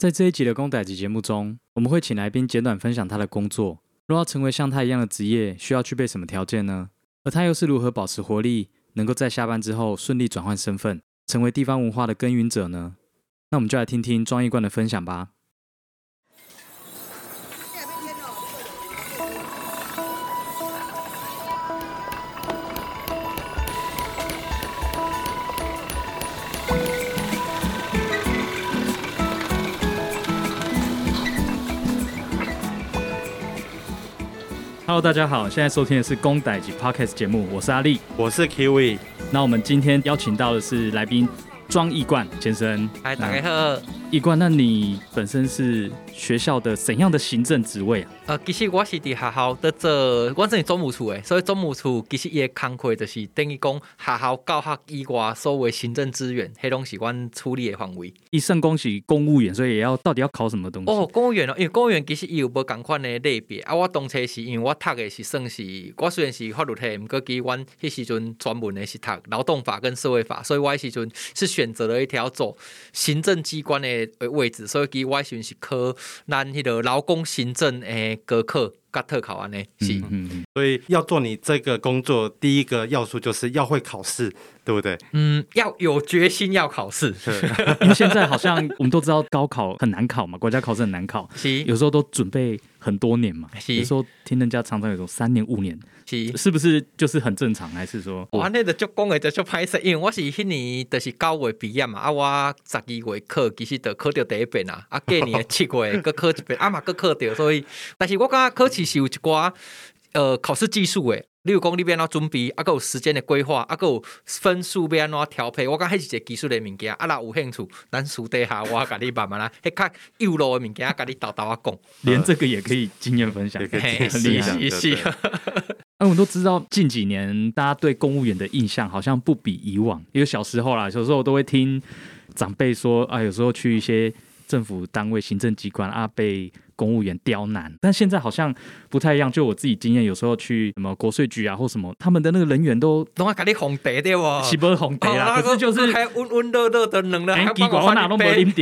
在這一集的公仔節目中，我們會請來賓簡短分享他的工作。若要成為像他一樣的職業，需要具備什麼條件呢？而他又是如何保持活力，能夠在下班之後順利轉換身份，成為地方文化的耕耘者呢？那我們就來聽聽莊毅冠的分享吧。 Hello，大家好，現在收聽的是《公仔及》Podcast 節目，我是阿力，我是 Kiwi，那我們今天邀請到的是來賓莊毅冠先生，嗨，大家好。嗯毅冠，那你本身是學校的怎樣的行政職位啊？呃，其實我是佇學校在做，我是做總務處的。所以總務處其實也涵蓋就是等於講學校教學以外所有的行政資源，嘿攏是我處理的範圍。伊算講是公務員，所以也要到底要考什麼東西？哦，公務員哦，因為公務員其實伊有不同款嘅類別啊。我當初是因為我讀的是算是我雖然是法律系，不過我迄時陣專門的是讀勞動法跟社會法，所以我迄時陣是選擇了一條走行政機關的。誒，的位置，所以伊外訓是靠咱迄個勞工行政誒高考甲特考安尼是。嗯嗯嗯、所以要做你這個工作，第一個要素就是要會考試。對不對？嗯，要有決心要考試，對 因為現在好像我們都知道高考很難考嘛，國家考試很難考，是，有時候都準備很多年嘛。是有時候聽人家常常有一種三年五年，是，是不是就是很正常？還是說我？我那個就講個就拍攝，因為我是去年就是高二畢業嘛，啊，我十二月考其實就考到第一遍啦，啊，隔年七月又考一遍，啊嘛又考到，所以但是我感覺考試是有一寡呃考試技術誒。例如講，你欲按怎準備，啊個有時間的規劃，啊有分數欲按怎調配，我覺得還是一個技術的物件，啊拉有興趣，咱私底下，我甲你慢慢來，迄較，幼路的物件，甲你沓沓仔講，連這個也可以經驗分享，很厲害，是是。啊，我都知道，近幾年大家對公務員的印象好像不比以往，因為小時候啦，小時候我都會聽長輩說，啊，有時候去一些。政府單位、行政機關啊，被公務員刁難，但現在好像不太一樣。就我自己經驗，有時候去什麼國稅局啊，或什麼，他們的那個人員都，起不紅底啊，可是就是還溫溫熱熱的有，都沒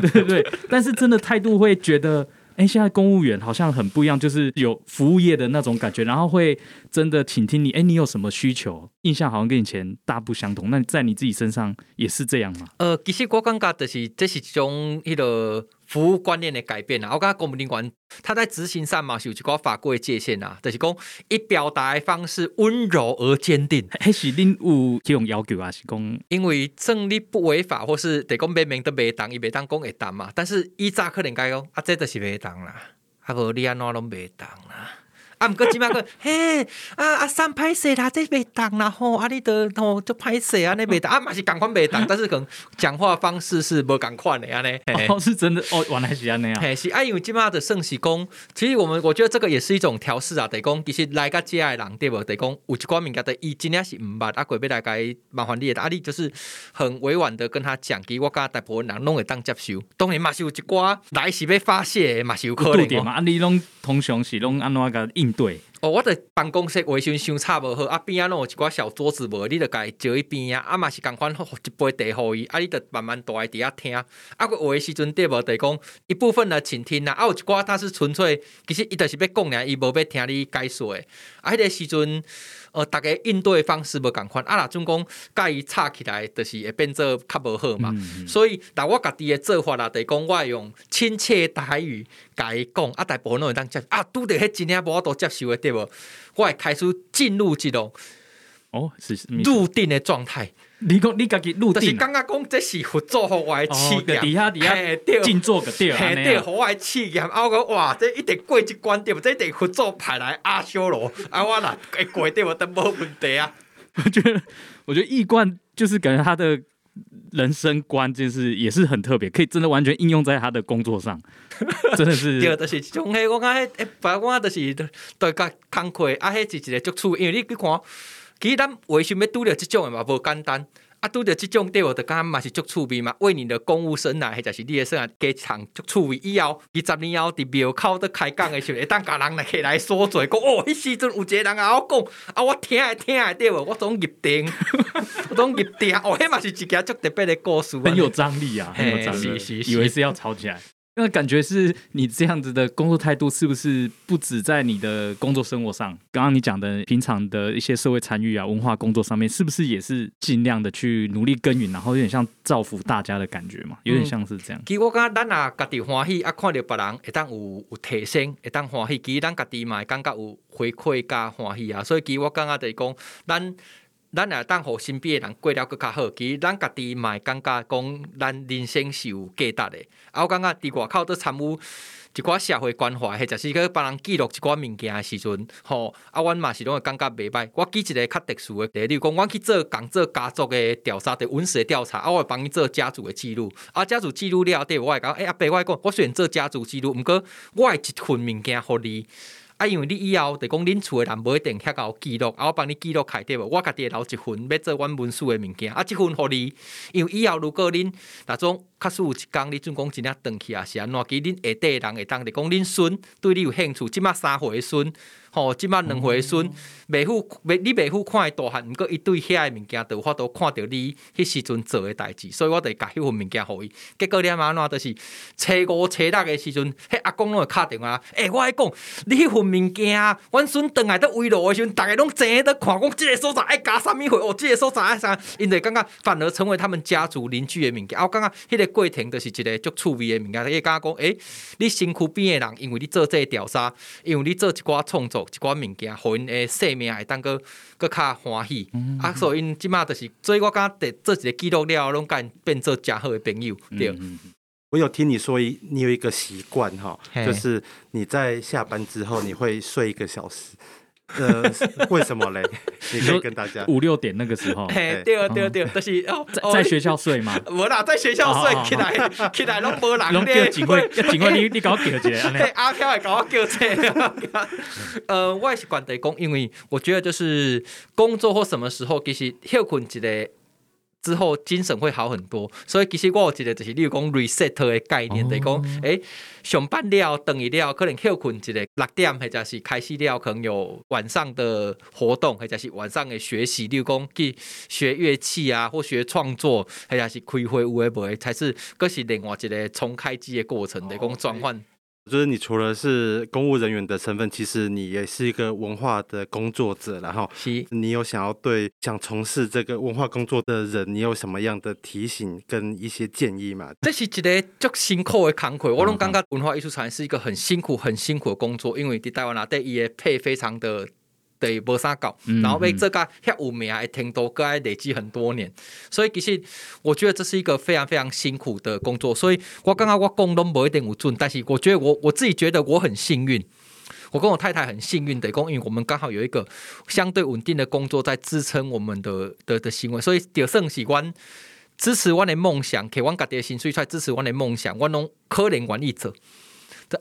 對對對，但是真的態度會覺得。哎，現在公務員好像很不一樣，就是有服務業的那種感覺，然後會真的傾聽你。哎，你有什麼需求？印象好像跟以前大不相同。那在你自己身上也是這樣嗎？呃，其實我感覺的、就是，這是一種一個。服務觀念的改變啊，我剛剛講不定關，他在執行上嘛是有幾高法規的界限啊，就是講以表達的方式溫柔而堅定，還是恁有這種要求啊？是講，因為正你不違法或是得講明明都袂當，伊袂當講會當嘛，啊，但是伊扎可能該哦，啊，這就是袂當啦，啊無你安怎攏袂當啦？ 啊，毋過即擺個，嘿，啊啊，三歹勢，啦，這袂當然後、啊、阿你都，哦，就歹勢，啊那袂當，啊嘛是共款袂當，但是可能講話方式是無共款的安尼，哦嘿是真的哦原來是安尼啊，嘿是，啊因為即擺，的就算是講，其實我們我覺得這個也是一種調試啊，得講其實來噶這的人對無，得講有一寡物件，的伊真正是毋捌，啊鬼被大家麻煩你，啊，你就是很委婉的跟他講，佮我家大部分人攏會當接受，當然嘛是有一寡來是欲發泄的，的嘛是有可能嘛，阿、啊、你攏通常是攏安怎嗯、對，哦，我佇辦公室衛生相差無好，啊邊仔攏有一寡小桌子無，你得改坐一邊仔啊嘛是共款，一杯茶予伊，啊你著慢慢坐喺佇遐聽，啊閣有的時陣對無得講一部分呢傾聽啦、啊，啊有一寡他是純粹，其實伊著是要講倆，伊無要聽你解說誒，啊迄個時陣。呃，大家應對方式無共款，啊若總講甲伊吵起來，就是會變做較無好嘛。嗯嗯，所以，若我家己嘅做法啦、就是，就講我會用親切嘅台語甲伊講，啊，大部分都會當接，啊，拄着迄幾下無我都接受誒，對無？我會開始進入一種，哦，是入定嘅狀態。你講你家己，陸地就是剛剛講，這是合作國外的企業，開店、哦、靜坐的店，開店國外企業，我講哇，這一定過一關對的，這得合作派來壓小羅，對一過對 啊，我若會過掉，我都冇問題啊。 我覺得，我覺得毅冠就是感覺他的人生觀就是也是很特別，可以真的完全應用在他的工作上， 真的是。對，就是一種迄我講，白話就是對較工課，啊，迄是一個足處，因為你去看。其實咱為啥物拄着即種誒嘛無簡單，啊，拄着即種對無，就剛剛嘛是足趣味嘛。為你的公務生啊，迄者是你的生啊，加一項足趣味以後，二十年後佇廟口佇開講誒時陣，會當甲人來來說嘴，講、喔、哦，迄時陣有一個人啊好講，啊，我聽誒聽誒對無，我總入定， 我總入定，哦、喔，迄嘛是一件足特別的故事。很有張力啊，很有張力嘿，是是以為是要吵起來。 那感覺是你這樣子的工作態度，是不是不止在你的工作生活上？剛剛你講的平常的一些社會參與啊，文化工作上面，是不是也是盡量的去努力耕耘，然後有點像造福大家的感覺嘛？有點像是這樣。嗯，其實我覺得，咱啊，自己歡喜啊，看著別人一旦有有提升，一旦歡喜，其實咱自己嘛，感覺有回饋加歡喜啊，所以其實我感覺就是講，咱。咱若當互身邊誒人過了擱較好，其實咱家己嘛會感覺講，咱人生是有價值誒。啊，我感覺佇外口做參與一寡社會關懷，或者 是去幫人記錄一寡物件誒時陣，吼、哦，啊，我嘛是攏會感覺袂歹。我記一個較特殊的例，例如講，我去做港做家族誒調查，就是查啊啊，對，文史調查，啊、欸，我幫伊做家族誒記錄，啊，家族記錄了後，對我會講，哎阿伯我講，我雖然做家族記錄，毋過我一份物件互你。啊，因為你以後就講恁厝誒人無一定遐敖記錄，啊，我幫你記錄開掉無？我家己留一份，要做阮文書誒物件，啊，這份互你。因為以後如果恁大宗，人確實有一工，你陣講一年轉去也是安哪，其實恁下底誒人會當的，講恁孫對你有興趣，即馬三回孫，吼，即馬兩回孫，袂赴袂，你袂赴看伊大漢，毋過伊對遐個物件，著有法度看着你迄時陣做誒代志，所以我著會夾迄份物件互伊。結果你阿媽哪都是初五初六誒時陣，迄阿公攏會敲電話，誒、欸。我愛講，你迄份物件，阮孫轉來在圍爐誒時陣，逐個攏坐在看，講、這、即個所在愛加啥物貨哦，即、喔這個所在啥？啥？因得感覺反而成為他們家族鄰居誒物件。啊，我感覺迄、那個。過程就是一個足趣味的物件。欸，你剛剛講，哎，你身軀邊的人，因為你做這個調查，因為你做一寡創作一寡物件，互因的生命會當佫佫較歡喜，嗯、哼啊，所以因即馬就是，做，所以我剛剛做一個記錄了，攏甲變做真好的朋友，對、嗯。我有聽你說，你有一個習慣哈，就是你在下班之後你會睡一個小時。呃，為什麼嘞？你可以跟大家五六點那個時候，對對對，但是哦，在在學校睡嗎？沒啦在學校睡，起來起來攏沒人，攏叫警官，警官你你跟我叫起來，阿飄會跟我叫起來。呃，我也是管電工，因為我覺得就是工作或什麼時候其實很困之類之後精神會好很多，所以其實我有一個就是，例如講 reset 的概念，就是講，誒、oh. 欸、上班了，等一了，可能休困一下，六點或者是開始了，可能有晚上的活動，或者是晚上的學習，例如講去學樂器啊，或學創作，或者是開會有誒無，才是擱是另外一個重開機的過程，就講轉換。就是你除了是公務人員的身份，其實你也是一個文化的工作者，然後你有想要對想從事這個文化工作的人，你有什麼樣的提醒跟一些建議嗎？這是一個足辛苦的崗位，我攏感覺文化藝術產業是一個很辛苦、很辛苦，很辛苦的工作，因為你台灣啦，對伊也配非常的。對，無啥搞，嗯、哼然後為這個赫有名的程度，更還累積很多年，所以其實我覺得這是一個非常非常辛苦的工作，所以我剛剛我工都無一定有準，但是我覺得我我自己覺得我很幸運，我跟我太太很幸運的，因為我們剛好有一個相對穩定的工作在支撐我們的的的,的行為，所以就順習慣支持我們的夢想，給我家己薪水出來支持我們的夢想，我攏可能願意者。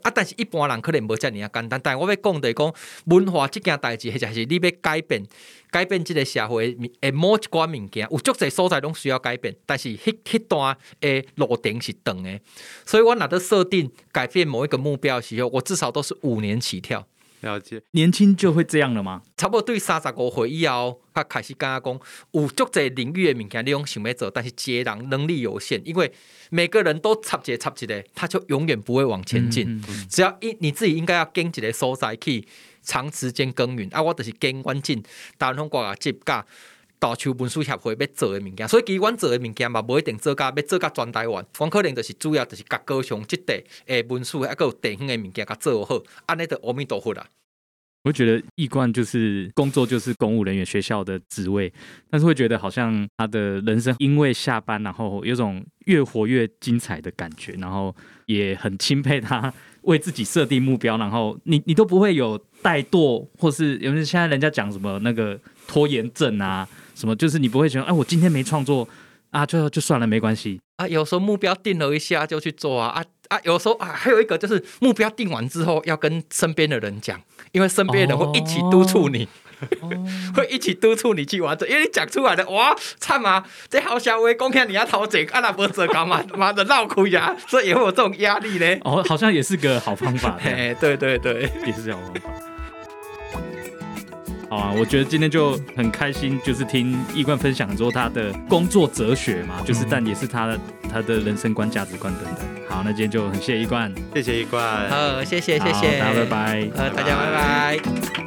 啊！但是一般人可能無遮爾啊簡單，但我要講的講文化即件代誌，或者是你要改變改變即個社會的某一寡物件，有足儕所在攏需要改變。但是迄迄段的路程是長的。所以我若咧設定改變某一個目標的時候，我至少都是五年起跳。了解，年輕就會這樣了嗎？差不多對三十五歲以後，他開始跟講，有足儕領域嘅物件你用想要做，但是一個人能力有限，因為每個人都插只插一個，他就永遠不會往前進。嗯嗯嗯，只要一你，你自己應該要跟一個所在去長時間耕耘啊，我就是跟關鍵，打通國家接界。到處文書協會要做的物件，所以其實我做的物件嘛，不一定做加要做加全台灣，我可能就是主要就是甲高雄這地誒文書，還有電信的物件甲做好，安內都阿彌陀佛啦。我覺得一貫就是工作就是公務人員學校的職位，但是會覺得好像他的人生因為下班，然後有種越活越精彩的感覺，然後也很欽佩他為自己設定目標，然後你你都不會有怠惰，或是有沒有現在人家講什麼那個？拖延症啊，什麼就是你不會覺得哎、欸，我今天沒創作啊，最後就算了，沒關係啊。有時候目標定了，一下就去做啊啊啊！有時候啊，還有一個就是目標定完之後要跟身邊的人講，因為身邊的人會一起督促你，哦、會一起督促你去完成。哦、因為你講出來的哇，燦嘛這好小為公開你要偷嘴，看那波折高嘛，媽的繞口呀，所以也會有這種壓力呢。哦，好像也是個好方法。哎，對對對，對，也是好方法。好啊，我覺得今天就很開心，就是聽毅冠分享說他的工作哲學嘛，就是但也是他的他的人生觀、價值觀等等。好，那今天就很謝謝毅冠，謝謝毅冠，好，謝謝謝謝好，大家拜拜，呃，大家拜拜。拜拜。